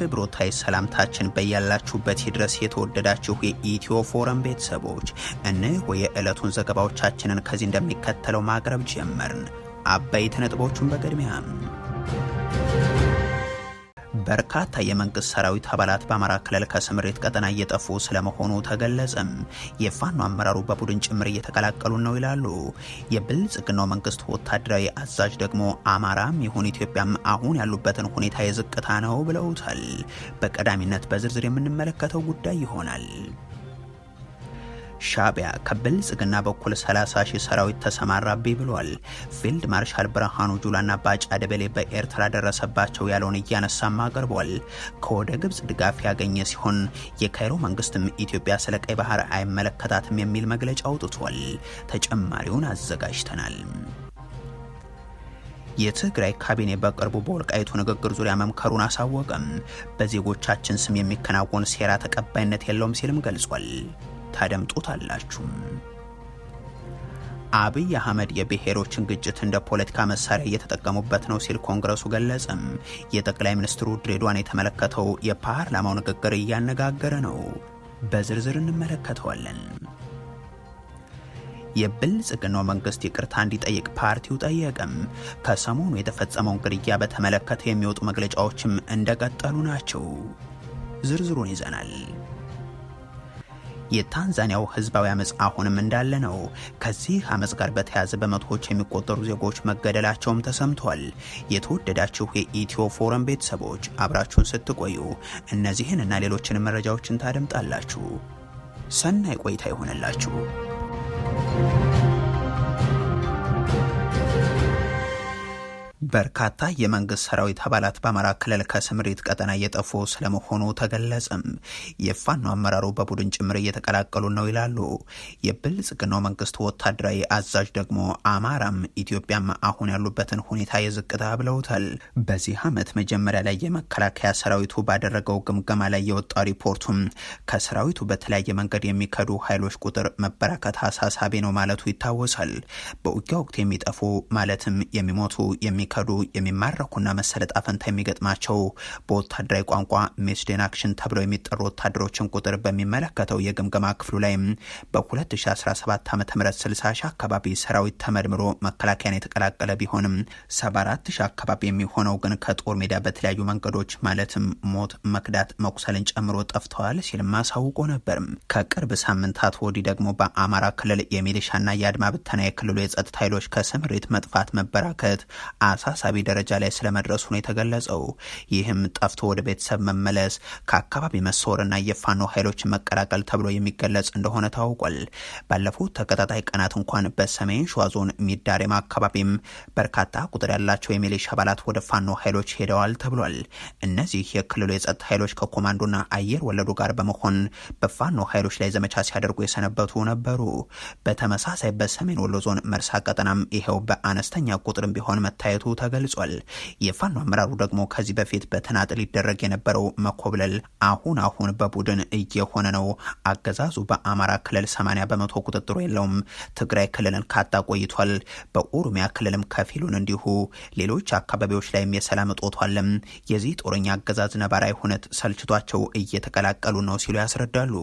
ክብሮታይ ሰላምታችን በያላችሁበት ይድረስ። የተወደዳችሁ የኢትዮ ፎረም ቤተሰቦች እነሆ የዕለቱን ዘገባዎቻችንን ከዚህ እንደሚከተለው ማቅረብ ጀመርን። አበይት ነጥቦቹን በቅድሚያ በርካታ የመንግስት ሰራዊት አባላት በአማራ ክልል ከስምሪት ቀጠና እየጠፉ ስለመሆኑ ተገለጸም። የፋኖ አመራሩ በቡድን ጭምር እየተቀላቀሉ ነው ይላሉ። የብልጽግናው መንግስት ወታደራዊ አዛዥ ደግሞ አማራም ይሁን ኢትዮጵያም አሁን ያሉበትን ሁኔታ የዝቅታ ነው ብለውታል። በቀዳሚነት በዝርዝር የምንመለከተው ጉዳይ ይሆናል። ሻቢያ ከብልጽግና በኩል 30 ሺህ ሰራዊት ተሰማራብኝ ብሏል። ፊልድ ማርሻል ብርሃኑ ጁላና ባጫ ደበሌ በኤርትራ ደረሰባቸው ያለውን እያነሳም አቅርቧል። ከወደ ግብፅ ድጋፍ ያገኘ ሲሆን የካይሮ መንግስትም ኢትዮጵያ ስለ ቀይ ባህር አይመለከታትም የሚል መግለጫ አውጥቷል። ተጨማሪውን አዘጋጅተናል። የትግራይ ካቢኔ በቅርቡ በወልቃይቱ ንግግር ዙሪያ መምከሩን አሳወቀም። በዜጎቻችን ስም የሚከናወን ሴራ ተቀባይነት የለውም ሲልም ገልጿል። ታደምጡታላችሁ። አብይ አህመድ የብሔሮችን ግጭት እንደ ፖለቲካ መሳሪያ እየተጠቀሙበት ነው ሲል ኮንግረሱ ገለጸም። የጠቅላይ ሚኒስትሩ ድሬዳዋን የተመለከተው የፓርላማው ንግግር እያነጋገረ ነው። በዝርዝር እንመለከተዋለን። የብልጽግናው መንግስት ይቅርታ እንዲጠይቅ ፓርቲው ጠየቀም። ከሰሞኑ የተፈጸመውን ግድያ በተመለከተ የሚወጡ መግለጫዎችም እንደቀጠሉ ናቸው። ዝርዝሩን ይዘናል። የታንዛኒያው ህዝባዊ አመፅ አሁንም እንዳለ ነው። ከዚህ አመፅ ጋር በተያያዘ በመቶዎች የሚቆጠሩ ዜጎች መገደላቸውም ተሰምቷል። የተወደዳችሁ የኢትዮ ፎረም ቤተሰቦች አብራችሁን ስትቆዩ እነዚህን እና ሌሎችንም መረጃዎችን ታደምጣላችሁ። ሰናይ ቆይታ ይሆነላችሁ። በርካታ የመንግስት ሰራዊት አባላት በአማራ ክልል ከስምሪት ቀጠና እየጠፉ ስለመሆኑ ተገለጸም። የፋኖ አመራሩ በቡድን ጭምር እየተቀላቀሉ ነው ይላሉ። የብልጽግናው መንግስት ወታደራዊ አዛዥ ደግሞ አማራም ኢትዮጵያም አሁን ያሉበትን ሁኔታ የዝቅታ ብለውታል። በዚህ ዓመት መጀመሪያ ላይ የመከላከያ ሰራዊቱ ባደረገው ግምገማ ላይ የወጣው ሪፖርቱም ከሰራዊቱ በተለያየ መንገድ የሚከዱ ኃይሎች ቁጥር መበራከት አሳሳቢ ነው ማለቱ ይታወሳል። በውጊያ ወቅት የሚጠፉ ማለትም የሚሞቱ የሚ የሚከዱ የሚማረኩና መሰል ዕጣ የሚገጥማቸው በወታደራዊ ቋንቋ ሜስዴን አክሽን ተብለው የሚጠሩ ወታደሮችን ቁጥር በሚመለከተው የግምገማ ክፍሉ ላይ በ2017 ዓ ም 60 ሺህ አካባቢ ሰራዊት ተመድምሮ መከላከያን የተቀላቀለ ቢሆንም 74 ሺህ አካባቢ የሚሆነው ግን ከጦር ሜዳ በተለያዩ መንገዶች ማለትም ሞት፣ መክዳት፣ መቁሰልን ጨምሮ ጠፍተዋል ሲልም አሳውቆ ነበር። ከቅርብ ሳምንታት ወዲህ ደግሞ በአማራ ክልል የሚሊሻና የአድማ ብተና የክልሉ የጸጥታ ኃይሎች ከስምሪት መጥፋት መበራከት አሳሳቢ ደረጃ ላይ ስለመድረሱ ነው የተገለጸው። ይህም ጠፍቶ ወደ ቤተሰብ መመለስ፣ ከአካባቢ መሰወርና የፋኖ ኃይሎች መቀላቀል ተብሎ የሚገለጽ እንደሆነ ታውቋል። ባለፉት ተከታታይ ቀናት እንኳን በሰሜን ሸዋ ዞን ሚዳሬማ አካባቢም በርካታ ቁጥር ያላቸው የሚሊሻ አባላት ወደ ፋኖ ኃይሎች ሄደዋል ተብሏል። እነዚህ የክልሉ የጸጥታ ኃይሎች ከኮማንዶና አየር ወለዱ ጋር በመሆን በፋኖ ኃይሎች ላይ ዘመቻ ሲያደርጉ የሰነበቱ ነበሩ። በተመሳሳይ በሰሜን ወሎ ዞን መርሳ ቀጠናም ይኸው በአነስተኛ ቁጥርም ቢሆን መታየቱ ተገልጿል። የፋኖ አመራሩ ደግሞ ከዚህ በፊት በተናጠል ይደረግ የነበረው መኮብለል አሁን አሁን በቡድን እየሆነ ነው። አገዛዙ በአማራ ክልል 80 በመቶ ቁጥጥሩ የለውም። ትግራይ ክልልን ካጣ ቆይቷል። በኦሮሚያ ክልልም ከፊሉን እንዲሁ፣ ሌሎች አካባቢዎች ላይም የሰላም እጦቱ የዚህ ጦረኛ አገዛዝ ነባራዊ ሁነት ሰልችቷቸው እየተቀላቀሉ ነው ሲሉ ያስረዳሉ።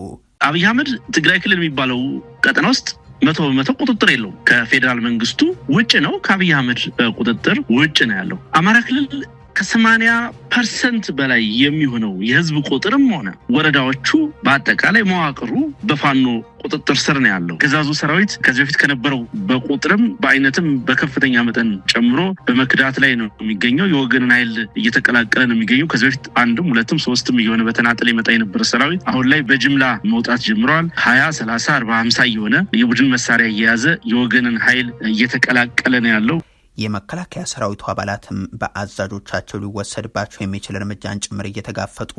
አብይ አህመድ ትግራይ ክልል የሚባለው ቀጠና ውስጥ መቶ በመቶ ቁጥጥር የለውም። ከፌዴራል መንግስቱ ውጭ ነው፣ ከአብይ አህመድ ቁጥጥር ውጭ ነው ያለው። አማራ ክልል ከሰማኒያ ፐርሰንት በላይ የሚሆነው የህዝብ ቁጥርም ሆነ ወረዳዎቹ በአጠቃላይ መዋቅሩ በፋኖ ቁጥጥር ስር ነው ያለው። ገዛዙ ሰራዊት ከዚህ በፊት ከነበረው በቁጥርም በአይነትም በከፍተኛ መጠን ጨምሮ በመክዳት ላይ ነው የሚገኘው። የወገንን ኃይል እየተቀላቀለ ነው የሚገኘው። ከዚህ በፊት አንድም ሁለትም ሶስትም እየሆነ በተናጠል መጣ የነበረ ሰራዊት አሁን ላይ በጅምላ መውጣት ጀምረዋል። ሀያ ሰላሳ አርባ ሀምሳ እየሆነ የቡድን መሳሪያ እየያዘ የወገንን ኃይል እየተቀላቀለ ነው ያለው። የመከላከያ ሰራዊቱ አባላትም በአዛዦቻቸው ሊወሰድባቸው የሚችል እርምጃን ጭምር እየተጋፈጡ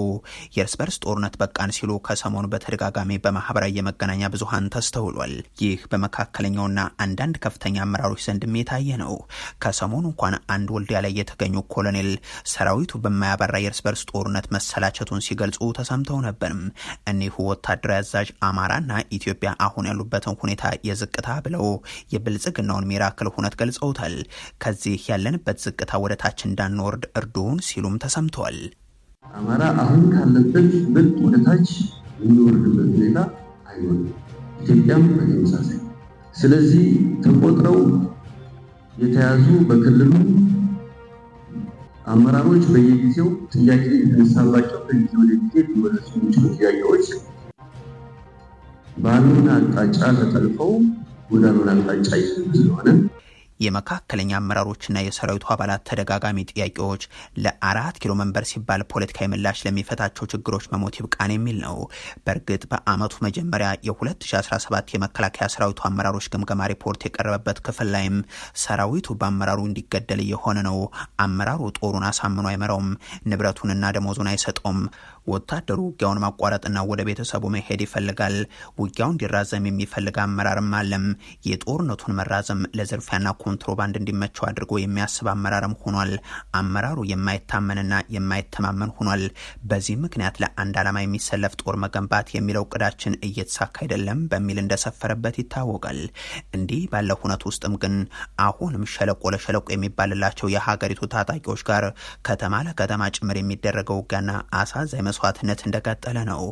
የእርስ በርስ ጦርነት በቃን ሲሉ ከሰሞኑ በተደጋጋሚ በማህበራዊ የመገናኛ ብዙሀን ተስተውሏል። ይህ በመካከለኛውና አንዳንድ ከፍተኛ አመራሮች ዘንድም የታየ ነው። ከሰሞኑ እንኳን አንድ ወልዲያ ላይ የተገኙ ኮሎኔል ሰራዊቱ በማያበራ የእርስ በርስ ጦርነት መሰላቸቱን ሲገልጹ ተሰምተው ነበርም። እኒሁ ወታደራዊ አዛዥ አማራና ኢትዮጵያ አሁን ያሉበትን ሁኔታ የዝቅታ ብለው የብልጽግናውን ሚራክል ሁነት ገልጸውታል። ከዚህ ያለንበት ዝቅታ ወደታች እንዳንወርድ እርዱን ሲሉም ተሰምተዋል። አማራ አሁን ካለበት ብል ወደታች የሚወርድበት ሁኔታ አይሆንም። ኢትዮጵያም በተመሳሳይ ስለዚህ ተቆጥረው የተያዙ በክልሉ አመራሮች በየጊዜው ጥያቄ የተነሳባቸው ከጊዜ ወደ ጊዜ ሊመለሱ የሚችሉ ጥያቄዎች ባሉን አቅጣጫ ተጠልፈው ወዳሉን አቅጣጫ ይስሉ ስለሆነ የመካከለኛ አመራሮችና የሰራዊቱ አባላት ተደጋጋሚ ጥያቄዎች ለአራት ኪሎ መንበር ሲባል ፖለቲካዊ ምላሽ ለሚፈታቸው ችግሮች መሞት ይብቃን የሚል ነው። በእርግጥ በአመቱ መጀመሪያ የ2017 የመከላከያ ሰራዊቱ አመራሮች ግምገማ ሪፖርት የቀረበበት ክፍል ላይም ሰራዊቱ በአመራሩ እንዲገደል እየሆነ ነው፣ አመራሩ ጦሩን አሳምኖ አይመራውም፣ ንብረቱንና ደሞዙን አይሰጠውም ወታደሩ ውጊያውን ማቋረጥና ወደ ቤተሰቡ መሄድ ይፈልጋል። ውጊያው እንዲራዘም የሚፈልግ አመራርም አለም። የጦርነቱን መራዘም ለዝርፊያና ኮንትሮባንድ እንዲመቸው አድርጎ የሚያስብ አመራርም ሆኗል። አመራሩ የማይታመንና የማይተማመን ሆኗል። በዚህ ምክንያት ለአንድ ዓላማ የሚሰለፍ ጦር መገንባት የሚለው እቅዳችን እየተሳካ አይደለም በሚል እንደሰፈረበት ይታወቃል። እንዲህ ባለ ሁነት ውስጥም ግን አሁንም ሸለቆ ለሸለቆ የሚባልላቸው የሀገሪቱ ታጣቂዎች ጋር ከተማ ለከተማ ጭምር የሚደረገው ውጊያና አሳዛኝ መስዋዕትነት እንደቀጠለ ነው።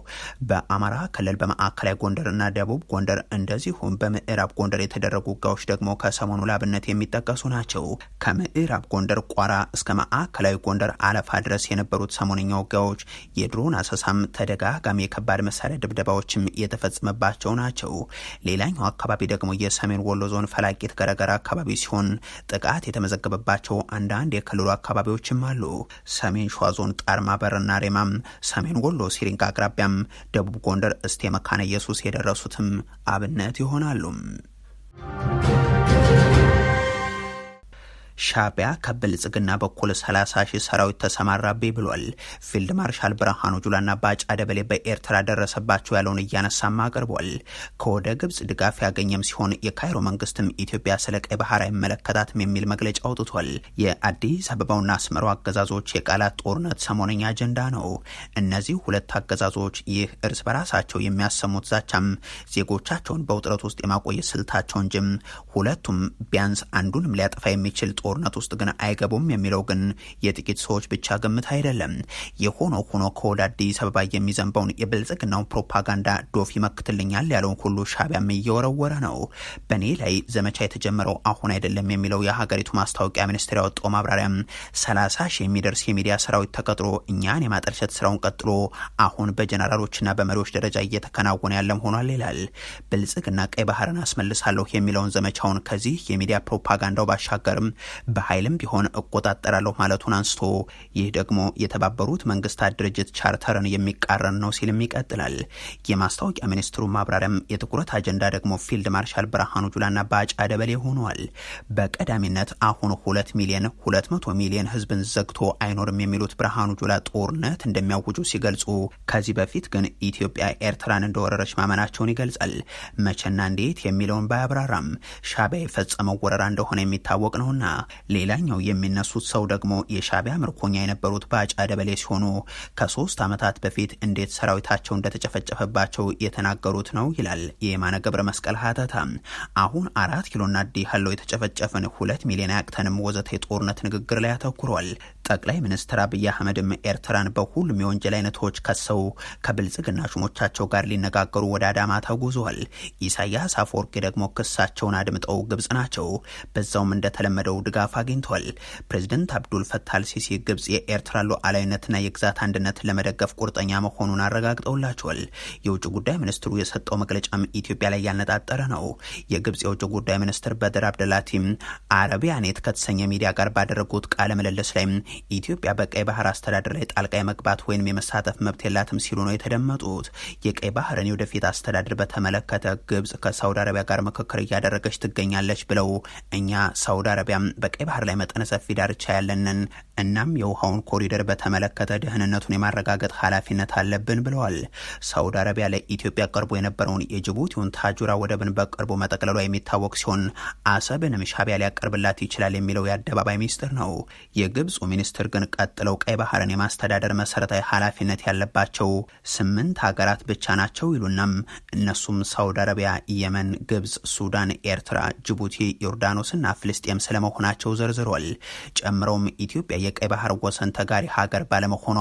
በአማራ ክልል በማዕከላዊ ጎንደርና ደቡብ ጎንደር እንደዚሁም በምዕራብ ጎንደር የተደረጉ ውጊያዎች ደግሞ ከሰሞኑ ላብነት የሚጠቀሱ ናቸው። ከምዕራብ ጎንደር ቋራ እስከ ማዕከላዊ ጎንደር አለፋ ድረስ የነበሩት ሰሞነኛ ውጊያዎች የድሮን አሰሳም ተደጋጋሚ የከባድ መሳሪያ ድብደባዎችም የተፈጸመባቸው ናቸው። ሌላኛው አካባቢ ደግሞ የሰሜን ወሎ ዞን ፈላቂት ገረገራ አካባቢ ሲሆን ጥቃት የተመዘገበባቸው አንዳንድ የክልሉ አካባቢዎችም አሉ። ሰሜን ሸዋ ዞን ጣርማ በርና ሬማም ሰሜን ወሎ ሲሪንቃ አቅራቢያም፣ ደቡብ ጎንደር እስቴ መካነ ኢየሱስ የደረሱትም አብነት ይሆናሉ። ሻቢያ ከብልጽግና በኩል 30 ሺህ ሰራዊት ተሰማራቤ ብሏል። ፊልድ ማርሻል ብርሃኑ ጁላና ባጫ ደበሌ በኤርትራ ደረሰባቸው ያለውን እያነሳም አቅርቧል። ከወደ ግብጽ ድጋፍ ያገኘም ሲሆን የካይሮ መንግስትም ኢትዮጵያ ስለ ቀይ ባህር አይመለከታትም የሚል መግለጫ አውጥቷል። የአዲስ አበባውና አስመራው አገዛዞች የቃላት ጦርነት ሰሞነኛ አጀንዳ ነው። እነዚህ ሁለት አገዛዞች ይህ እርስ በራሳቸው የሚያሰሙት ዛቻም ዜጎቻቸውን በውጥረት ውስጥ የማቆየት ስልታቸው እንጂም ሁለቱም ቢያንስ አንዱንም ሊያጠፋ የሚችል ጦርነት ውስጥ ግን አይገቡም የሚለው ግን የጥቂት ሰዎች ብቻ ግምት አይደለም። የሆነ ሆኖ ከወደ አዲስ አበባ የሚዘንበውን የብልጽግናው ፕሮፓጋንዳ ዶፍ ይመክትልኛል ያለውን ሁሉ ሻቢያም እየወረወረ ነው። በእኔ ላይ ዘመቻ የተጀመረው አሁን አይደለም የሚለው የሀገሪቱ ማስታወቂያ ሚኒስቴር ያወጣው ማብራሪያም ሰላሳ ሺህ የሚደርስ የሚዲያ ሰራዊት ተቀጥሮ እኛን የማጠልሸት ስራውን ቀጥሎ አሁን በጀነራሎችና በመሪዎች ደረጃ እየተከናወነ ያለም ሆኗል ይላል። ብልጽግና ቀይ ባህርን አስመልሳለሁ የሚለውን ዘመቻውን ከዚህ የሚዲያ ፕሮፓጋንዳው ባሻገርም በኃይልም ቢሆን እቆጣጠራለሁ ማለቱን አንስቶ ይህ ደግሞ የተባበሩት መንግስታት ድርጅት ቻርተርን የሚቃረን ነው ሲልም ይቀጥላል። የማስታወቂያ ሚኒስትሩ ማብራሪያም የትኩረት አጀንዳ ደግሞ ፊልድ ማርሻል ብርሃኑ ጁላና ባጫ ደበሌ ሆኗል። በቀዳሚነት አሁን ሁለት ሚሊዮን ሁለት መቶ ሚሊዮን ህዝብን ዘግቶ አይኖርም የሚሉት ብርሃኑ ጁላ ጦርነት እንደሚያውጁ ሲገልጹ ከዚህ በፊት ግን ኢትዮጵያ ኤርትራን እንደወረረች ማመናቸውን ይገልጻል። መቼና እንዴት የሚለውን ባያብራራም ሻቢያ የፈጸመው ወረራ እንደሆነ የሚታወቅ ነውና ሌላኛው የሚነሱት ሰው ደግሞ የሻቢያ ምርኮኛ የነበሩት ባጫ ደበሌ ሲሆኑ ከሶስት ዓመታት በፊት እንዴት ሰራዊታቸው እንደተጨፈጨፈባቸው የተናገሩት ነው ይላል የማነ ገብረ መስቀል ሀተታ። አሁን አራት ኪሎና ዲ ያለው የተጨፈጨፍን ሁለት ሚሊዮን ያቅተንም ወዘተ የጦርነት ንግግር ላይ አተኩሯል። ጠቅላይ ሚኒስትር አብይ አህመድም ኤርትራን በሁሉም የወንጀል አይነቶች ከሰው ከብልጽግና ሹሞቻቸው ጋር ሊነጋገሩ ወደ አዳማ ተጉዟል። ኢሳያስ አፈወርቂ ደግሞ ክሳቸውን አድምጠው ግብጽ ናቸው። በዛውም እንደተለመደው ድጋፍ አግኝቷል። ፕሬዚደንት አብዱል ፈታ አልሲሲ ግብጽ የኤርትራ ሉዓላዊነትና የግዛት አንድነት ለመደገፍ ቁርጠኛ መሆኑን አረጋግጠውላቸዋል። የውጭ ጉዳይ ሚኒስትሩ የሰጠው መግለጫም ኢትዮጵያ ላይ ያነጣጠረ ነው። የግብጽ የውጭ ጉዳይ ሚኒስትር በድር አብደላቲም አረቢያኔት ከተሰኘ ሚዲያ ጋር ባደረጉት ቃለ ምልልስ ላይ ኢትዮጵያ በቀይ ባህር አስተዳደር ላይ ጣልቃ የመግባት ወይም የመሳተፍ መብት የላትም ሲሉ ነው የተደመጡት። የቀይ ባህርን የወደፊት አስተዳደር በተመለከተ ግብጽ ከሳውዲ አረቢያ ጋር ምክክር እያደረገች ትገኛለች ብለው እኛ ሳውዲ አረቢያ በቀይ ባህር ላይ መጠነ ሰፊ ዳርቻ ያለንን እናም የውሃውን ኮሪደር በተመለከተ ደህንነቱን የማረጋገጥ ኃላፊነት አለብን ብለዋል። ሳውዲ አረቢያ ለኢትዮጵያ ቀርቦ የነበረውን የጅቡቲውን ታጁራ ወደብን በቅርቡ መጠቅለሏ የሚታወቅ ሲሆን አሰብንም ሻቢያ ሊያቀርብላት ይችላል የሚለው የአደባባይ ሚስጥር ነው። የግብፁ ሚኒስትር ግን ቀጥለው ቀይ ባህርን የማስተዳደር መሰረታዊ ኃላፊነት ያለባቸው ስምንት ሀገራት ብቻ ናቸው ይሉናም እነሱም ሳውዲ አረቢያ፣ የመን፣ ግብፅ፣ ሱዳን፣ ኤርትራ፣ ጅቡቲ፣ ዮርዳኖስና ፍልስጤም ስለመሆናቸው መሆናቸው ዘርዝሯል። ጨምረውም ኢትዮጵያ የቀይ ባህር ወሰን ተጋሪ ሀገር ባለመሆኗ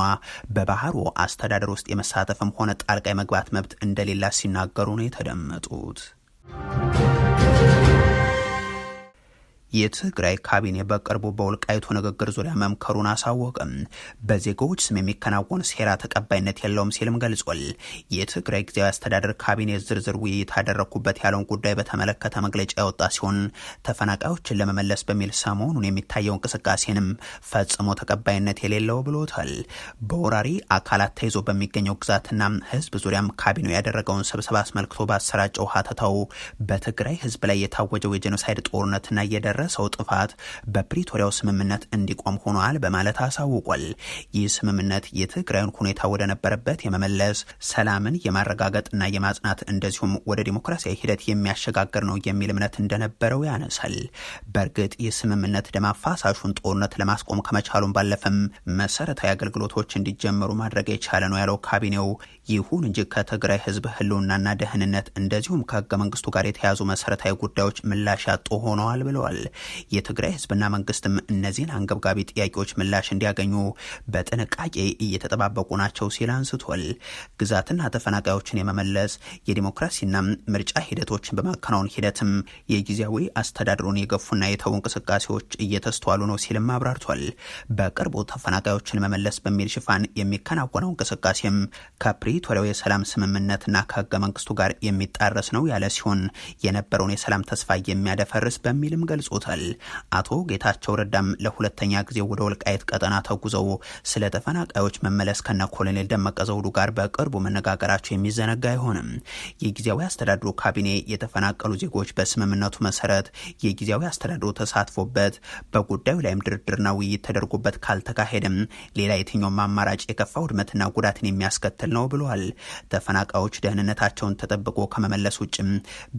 በባህሩ አስተዳደር ውስጥ የመሳተፍም ሆነ ጣልቃ የመግባት መብት እንደሌላ ሲናገሩ ነው የተደመጡት። የትግራይ ካቢኔ በቅርቡ በወልቃይቱ ንግግር ዙሪያ መምከሩን አሳወቅም። በዜጎች ስም የሚከናወን ሴራ ተቀባይነት የለውም ሲልም ገልጿል። የትግራይ ጊዜያዊ አስተዳደር ካቢኔ ዝርዝር ውይይት አደረግኩበት ያለውን ጉዳይ በተመለከተ መግለጫ ያወጣ ሲሆን ተፈናቃዮችን ለመመለስ በሚል ሰሞኑን የሚታየው እንቅስቃሴንም ፈጽሞ ተቀባይነት የሌለው ብሎታል። በወራሪ አካላት ተይዞ በሚገኘው ግዛትና ህዝብ ዙሪያም ካቢኔው ያደረገውን ስብሰባ አስመልክቶ ባሰራጨው ሀተታው በትግራይ ህዝብ ላይ የታወጀው የጄኖሳይድ ጦርነትና እየደረሰ የደረሰው ጥፋት በፕሪቶሪያው ስምምነት እንዲቆም ሆኗል በማለት አሳውቋል። ይህ ስምምነት የትግራይን ሁኔታ ወደነበረበት የመመለስ ሰላምን የማረጋገጥና የማጽናት እንደዚሁም ወደ ዲሞክራሲያዊ ሂደት የሚያሸጋግር ነው የሚል እምነት እንደነበረው ያነሳል። በእርግጥ ይህ ስምምነት ደም አፋሳሹን ጦርነት ለማስቆም ከመቻሉን ባለፈም መሰረታዊ አገልግሎቶች እንዲጀመሩ ማድረግ የቻለ ነው ያለው ካቢኔው ይሁን እንጂ ከትግራይ ህዝብ ህልውናና ደህንነት እንደዚሁም ከህገ መንግስቱ ጋር የተያዙ መሰረታዊ ጉዳዮች ምላሽ ያጡ ሆነዋል ብለዋል። የትግራይ ህዝብና መንግስትም እነዚህን አንገብጋቢ ጥያቄዎች ምላሽ እንዲያገኙ በጥንቃቄ እየተጠባበቁ ናቸው ሲል አንስቷል። ግዛትና ተፈናቃዮችን የመመለስ የዲሞክራሲና ምርጫ ሂደቶችን በማከናወን ሂደትም የጊዜያዊ አስተዳድሩን የገፉና የተዉ እንቅስቃሴዎች እየተስተዋሉ ነው ሲልም አብራርቷል። በቅርቡ ተፈናቃዮችን መመለስ በሚል ሽፋን የሚከናወነው እንቅስቃሴም ከፕሪ ከፕሪቶሪያው የሰላም ስምምነትና ከህገ መንግስቱ ጋር የሚጣረስ ነው ያለ ሲሆን የነበረውን የሰላም ተስፋ የሚያደፈርስ በሚልም ገልጾታል። አቶ ጌታቸው ረዳም ለሁለተኛ ጊዜ ወደ ወልቃየት ቀጠና ተጉዘው ስለ ተፈናቃዮች መመለስ ከነ ኮሎኔል ደመቀ ዘውዱ ጋር በቅርቡ መነጋገራቸው የሚዘነጋ አይሆንም። የጊዜያዊ አስተዳድሩ ካቢኔ የተፈናቀሉ ዜጎች በስምምነቱ መሰረት የጊዜያዊ አስተዳድሩ ተሳትፎበት በጉዳዩ ላይም ድርድርና ውይይት ተደርጎበት ካልተካሄደም ሌላ የትኛውም አማራጭ የከፋ ውድመትና ጉዳትን የሚያስከትል ነው ብሎ ብሏል። ተፈናቃዮች ደህንነታቸውን ተጠብቆ ከመመለስ ውጭም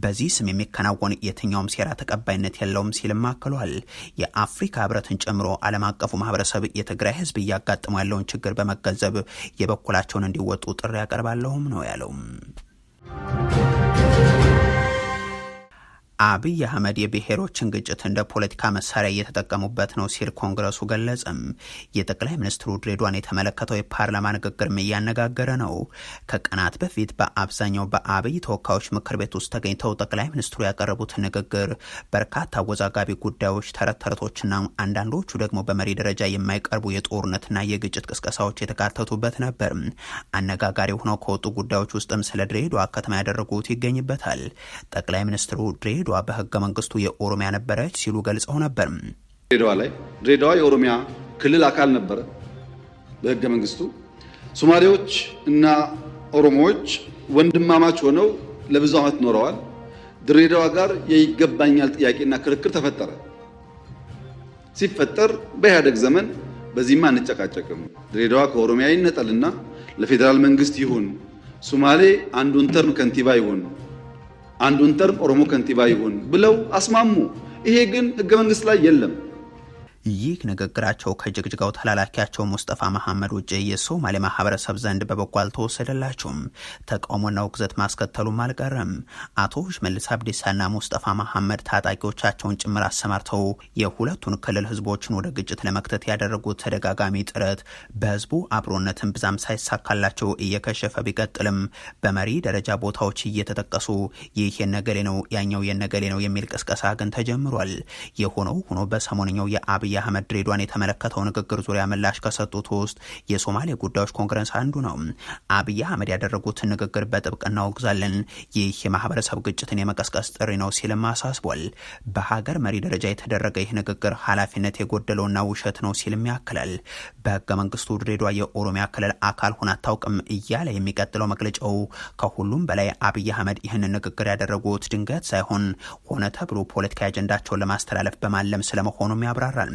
በዚህ ስም የሚከናወን የትኛውም ሴራ ተቀባይነት የለውም ሲልም አክሏል። የአፍሪካ ህብረትን ጨምሮ ዓለም አቀፉ ማህበረሰብ የትግራይ ህዝብ እያጋጠሙ ያለውን ችግር በመገንዘብ የበኩላቸውን እንዲወጡ ጥሪ ያቀርባለሁም ነው ያለውም። አብይ አህመድ የብሔሮችን ግጭት እንደ ፖለቲካ መሳሪያ እየተጠቀሙበት ነው ሲል ኮንግረሱ ገለጽም። የጠቅላይ ሚኒስትሩ ድሬዷን የተመለከተው የፓርላማ ንግግርም እያነጋገረ ነው። ከቀናት በፊት በአብዛኛው በአብይ ተወካዮች ምክር ቤት ውስጥ ተገኝተው ጠቅላይ ሚኒስትሩ ያቀረቡት ንግግር በርካታ አወዛጋቢ ጉዳዮች፣ ተረት ተረቶችና አንዳንዶቹ ደግሞ በመሪ ደረጃ የማይቀርቡ የጦርነትና የግጭት ቅስቀሳዎች የተካተቱበት ነበር። አነጋጋሪ ሆነው ከወጡ ጉዳዮች ውስጥም ስለ ድሬዷ ከተማ ያደረጉት ይገኝበታል። ጠቅላይ ሚኒስትሩ ድሬ ድሬዳዋ በህገ መንግስቱ የኦሮሚያ ነበረች ሲሉ ገልጸው ነበር። ድሬዳዋ ላይ ድሬዳዋ የኦሮሚያ ክልል አካል ነበረ በህገ መንግስቱ። ሶማሌዎች እና ኦሮሞዎች ወንድማማች ሆነው ለብዙ ዓመት ኖረዋል። ድሬዳዋ ጋር የይገባኛል ጥያቄና ክርክር ተፈጠረ። ሲፈጠር በኢህአደግ ዘመን በዚህማ አንጨቃጨቅም፣ ድሬዳዋ ከኦሮሚያ ይነጠልና ለፌዴራል መንግስት ይሁን፣ ሶማሌ አንዱን ተርም ከንቲባ ይሁን አንዱን ጠርቅ ኦሮሞ ከንቲባ ይሁን ብለው አስማሙ። ይሄ ግን ህገ መንግስት ላይ የለም። ይህ ንግግራቸው ከጅግጅጋው ተላላኪያቸው ሙስጠፋ መሐመድ ውጭ የሶማሌ ማህበረሰብ ዘንድ በበጎ አልተወሰደላቸውም። ተቃውሞና ውግዘት ማስከተሉም አልቀረም። አቶ ሽመልስ አብዲሳና ሙስጠፋ መሐመድ ታጣቂዎቻቸውን ጭምር አሰማርተው የሁለቱን ክልል ህዝቦችን ወደ ግጭት ለመክተት ያደረጉት ተደጋጋሚ ጥረት በህዝቡ አብሮነትን ብዛም ሳይሳካላቸው እየከሸፈ ቢቀጥልም በመሪ ደረጃ ቦታዎች እየተጠቀሱ ይህ የነገሌ ነው ያኛው የነገሌ ነው የሚል ቅስቀሳ ግን ተጀምሯል። የሆነው ሆኖ በሰሞነኛው የአብይ አብይ አህመድ ድሬዷን የተመለከተው ንግግር ዙሪያ ምላሽ ከሰጡት ውስጥ የሶማሌ ጉዳዮች ኮንግረስ አንዱ ነው። አብይ አህመድ ያደረጉትን ንግግር በጥብቅ እናወግዛለን፣ ይህ የማህበረሰብ ግጭትን የመቀስቀስ ጥሪ ነው ሲልም አሳስቧል። በሀገር መሪ ደረጃ የተደረገ ይህ ንግግር ኃላፊነት የጎደለውና ውሸት ነው ሲልም ያክላል። በህገ መንግስቱ ድሬዷ የኦሮሚያ ክልል አካል ሆና አታውቅም እያለ የሚቀጥለው መግለጫው ከሁሉም በላይ አብይ አህመድ ይህንን ንግግር ያደረጉት ድንገት ሳይሆን ሆነ ተብሎ ፖለቲካዊ አጀንዳቸውን ለማስተላለፍ በማለም ስለመሆኑም ያብራራል።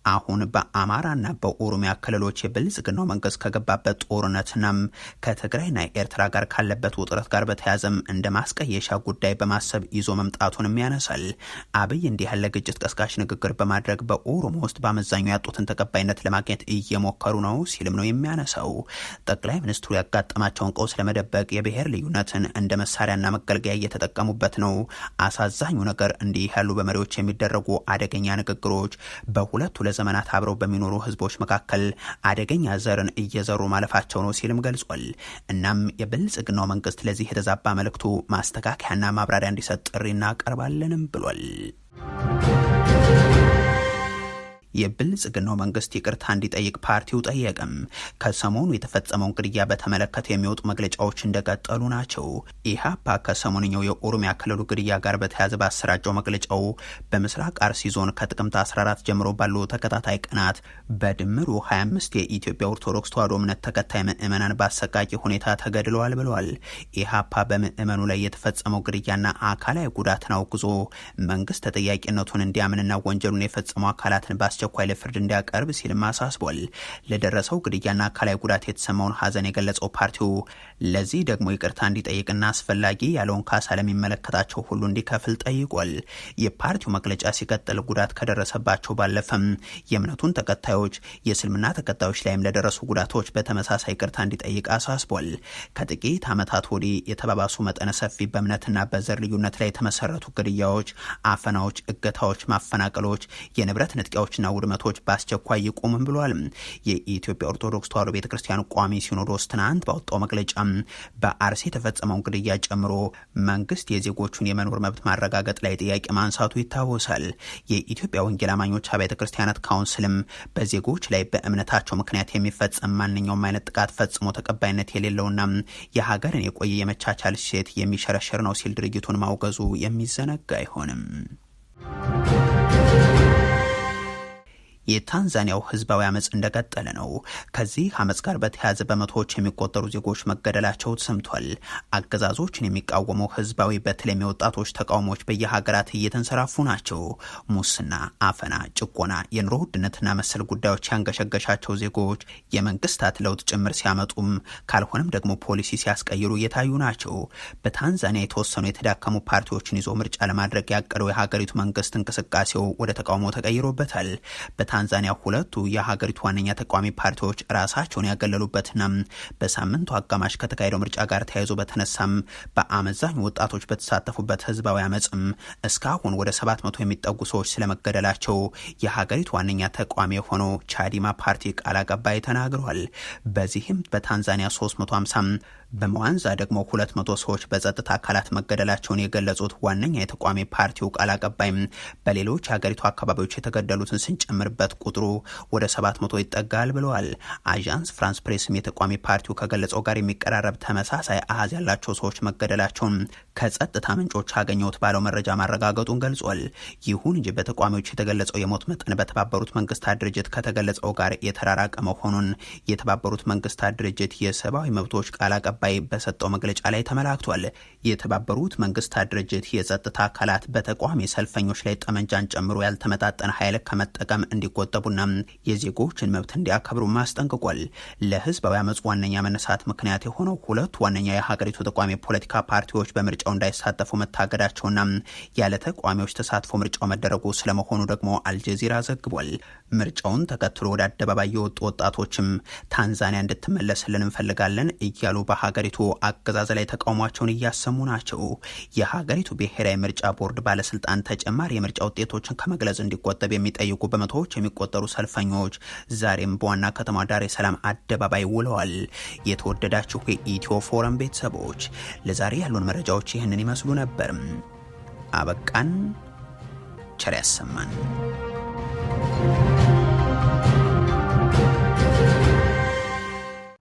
አሁን በአማራና በኦሮሚያ ክልሎች የብልጽግናው መንግስት ከገባበት ጦርነትናም ከትግራይና ኤርትራ ጋር ካለበት ውጥረት ጋር በተያዘም እንደ ማስቀየሻ ጉዳይ በማሰብ ይዞ መምጣቱንም ያነሳል። አብይ እንዲህ ያለ ግጭት ቀስቃሽ ንግግር በማድረግ በኦሮሞ ውስጥ በአመዛኙ ያጡትን ተቀባይነት ለማግኘት እየሞከሩ ነው ሲልም ነው የሚያነሳው። ጠቅላይ ሚኒስትሩ ያጋጠማቸውን ቀውስ ለመደበቅ የብሔር ልዩነትን እንደ መሳሪያና መገልገያ እየተጠቀሙበት ነው። አሳዛኙ ነገር እንዲህ ያሉ በመሪዎች የሚደረጉ አደገኛ ንግግሮች በሁለት ለዘመናት አብረው በሚኖሩ ህዝቦች መካከል አደገኛ ዘርን እየዘሩ ማለፋቸው ነው ሲልም ገልጿል። እናም የብልጽግናው መንግስት ለዚህ የተዛባ መልእክቱ ማስተካከያና ማብራሪያ እንዲሰጥ ጥሪ እናቀርባለንም ብሏል። የብልጽግናው መንግስት ይቅርታ እንዲጠይቅ ፓርቲው ጠየቅም። ከሰሞኑ የተፈጸመውን ግድያ በተመለከተ የሚወጡ መግለጫዎች እንደቀጠሉ ናቸው። ኢህአፓ ከሰሞንኛው የኦሮሚያ ክልሉ ግድያ ጋር በተያያዘ ባሰራጨው መግለጫው በምስራቅ አርሲ ዞን ከጥቅምት 14 ጀምሮ ባሉ ተከታታይ ቀናት በድምሩ 25 የኢትዮጵያ ኦርቶዶክስ ተዋሕዶ እምነት ተከታይ ምዕመናን በአሰቃቂ ሁኔታ ተገድለዋል ብለዋል። ኢህአፓ በምዕመኑ ላይ የተፈጸመው ግድያና አካላዊ ጉዳትን አውግዞ መንግስት ተጠያቂነቱን እንዲያምንና ወንጀሉን የፈጸሙ አካላትን ባስ አስቸኳይ ለፍርድ እንዲያቀርብ ሲልም አሳስቧል። ለደረሰው ግድያና አካላዊ ጉዳት የተሰማውን ሀዘን የገለጸው ፓርቲው ለዚህ ደግሞ ይቅርታ እንዲጠይቅና አስፈላጊ ያለውን ካሳ ለሚመለከታቸው ሁሉ እንዲከፍል ጠይቋል። የፓርቲው መግለጫ ሲቀጥል ጉዳት ከደረሰባቸው ባለፈም የእምነቱን ተከታዮች የእስልምና ተከታዮች ላይም ለደረሱ ጉዳቶች በተመሳሳይ ይቅርታ እንዲጠይቅ አሳስቧል። ከጥቂት ዓመታት ወዲህ የተባባሱ መጠነ ሰፊ በእምነትና በዘር ልዩነት ላይ የተመሰረቱ ግድያዎች፣ አፈናዎች፣ እገታዎች፣ ማፈናቀሎች፣ የንብረት ንጥቂያዎችና ውድመቶች በአስቸኳይ ይቆምም ብሏል። የኢትዮጵያ ኦርቶዶክስ ተዋሕዶ ቤተ ክርስቲያን ቋሚ ሲኖዶስ ትናንት ባወጣው መግለጫ በአርሲ የተፈጸመውን ግድያ ጨምሮ መንግስት የዜጎቹን የመኖር መብት ማረጋገጥ ላይ ጥያቄ ማንሳቱ ይታወሳል። የኢትዮጵያ ወንጌል አማኞች አብያተ ክርስቲያናት ካውንስልም በዜጎች ላይ በእምነታቸው ምክንያት የሚፈጸም ማንኛውም አይነት ጥቃት ፈጽሞ ተቀባይነት የሌለውና የሀገርን የቆየ የመቻቻል ሴት የሚሸረሸር ነው ሲል ድርጊቱን ማውገዙ የሚዘነጋ አይሆንም። የታንዛኒያው ህዝባዊ አመፅ እንደቀጠለ ነው። ከዚህ አመፅ ጋር በተያያዘ በመቶዎች የሚቆጠሩ ዜጎች መገደላቸው ተሰምቷል። አገዛዞችን የሚቃወመው ህዝባዊ በተለይም የወጣቶች ተቃውሞዎች በየሀገራት እየተንሰራፉ ናቸው። ሙስና፣ አፈና፣ ጭቆና፣ የኑሮ ውድነትና መሰል ጉዳዮች ያንገሸገሻቸው ዜጎች የመንግስታት ለውጥ ጭምር ሲያመጡም ካልሆነም ደግሞ ፖሊሲ ሲያስቀይሩ እየታዩ ናቸው። በታንዛኒያ የተወሰኑ የተዳከሙ ፓርቲዎችን ይዞ ምርጫ ለማድረግ ያቀደው የሀገሪቱ መንግስት እንቅስቃሴው ወደ ተቃውሞ ተቀይሮበታል። ታንዛኒያ ሁለቱ የሀገሪቱ ዋነኛ ተቃዋሚ ፓርቲዎች ራሳቸውን ያገለሉበትና በሳምንቱ አጋማሽ ከተካሄደው ምርጫ ጋር ተያይዞ በተነሳም በአመዛኙ ወጣቶች በተሳተፉበት ህዝባዊ አመፅም እስካሁን ወደ 700 የሚጠጉ ሰዎች ስለመገደላቸው የሀገሪቱ ዋነኛ ተቃዋሚ የሆነው ቻዲማ ፓርቲ ቃል አቀባይ ተናግረዋል። በዚህም በታንዛኒያ 350 በመዋንዛ ደግሞ 200 ሰዎች በጸጥታ አካላት መገደላቸውን የገለጹት ዋነኛ የተቃዋሚ ፓርቲው ቃል አቀባይም በሌሎች የሀገሪቱ አካባቢዎች የተገደሉትን ስንጨምር የሚደርስበት ቁጥሩ ወደ 700 ይጠጋል ብለዋል። አዣንስ ፍራንስ ፕሬስም የተቋሚ ፓርቲው ከገለጸው ጋር የሚቀራረብ ተመሳሳይ አሃዝ ያላቸው ሰዎች መገደላቸውን ከጸጥታ ምንጮች አገኘሁት ባለው መረጃ ማረጋገጡን ገልጿል። ይሁን እንጂ በተቋሚዎች የተገለጸው የሞት መጠን በተባበሩት መንግስታት ድርጅት ከተገለጸው ጋር የተራራቀ መሆኑን የተባበሩት መንግስታት ድርጅት የሰብአዊ መብቶች ቃል አቀባይ በሰጠው መግለጫ ላይ ተመላክቷል። የተባበሩት መንግስታት ድርጅት የጸጥታ አካላት በተቋሚ ሰልፈኞች ላይ ጠመንጃን ጨምሮ ያልተመጣጠነ ኃይል ከመጠቀም እንዲ እንዲቆጠቡና የዜጎችን መብት እንዲያከብሩ ማስጠንቅቋል። ለህዝባዊ አመፁ ዋነኛ መነሳት ምክንያት የሆነው ሁለት ዋነኛ የሀገሪቱ ተቋሚ ፖለቲካ ፓርቲዎች በምርጫው እንዳይሳተፉ መታገዳቸውና ያለ ተቋሚዎች ተሳትፎ ምርጫው መደረጉ ስለመሆኑ ደግሞ አልጀዚራ ዘግቧል። ምርጫውን ተከትሎ ወደ አደባባይ የወጡ ወጣቶችም ታንዛኒያ እንድትመለስልን እንፈልጋለን እያሉ በሀገሪቱ አገዛዝ ላይ ተቃውሟቸውን እያሰሙ ናቸው። የሀገሪቱ ብሔራዊ ምርጫ ቦርድ ባለስልጣን ተጨማሪ የምርጫ ውጤቶችን ከመግለጽ እንዲቆጠብ የሚጠይቁ በመቶዎች የሚቆጠሩ ሰልፈኞች ዛሬም በዋና ከተማ ዳሬ ሰላም አደባባይ ውለዋል። የተወደዳችሁ የኢትዮ ፎረም ቤተሰቦች ለዛሬ ያሉን መረጃዎች ይህንን ይመስሉ ነበር። አበቃን። ቸር ያሰማን።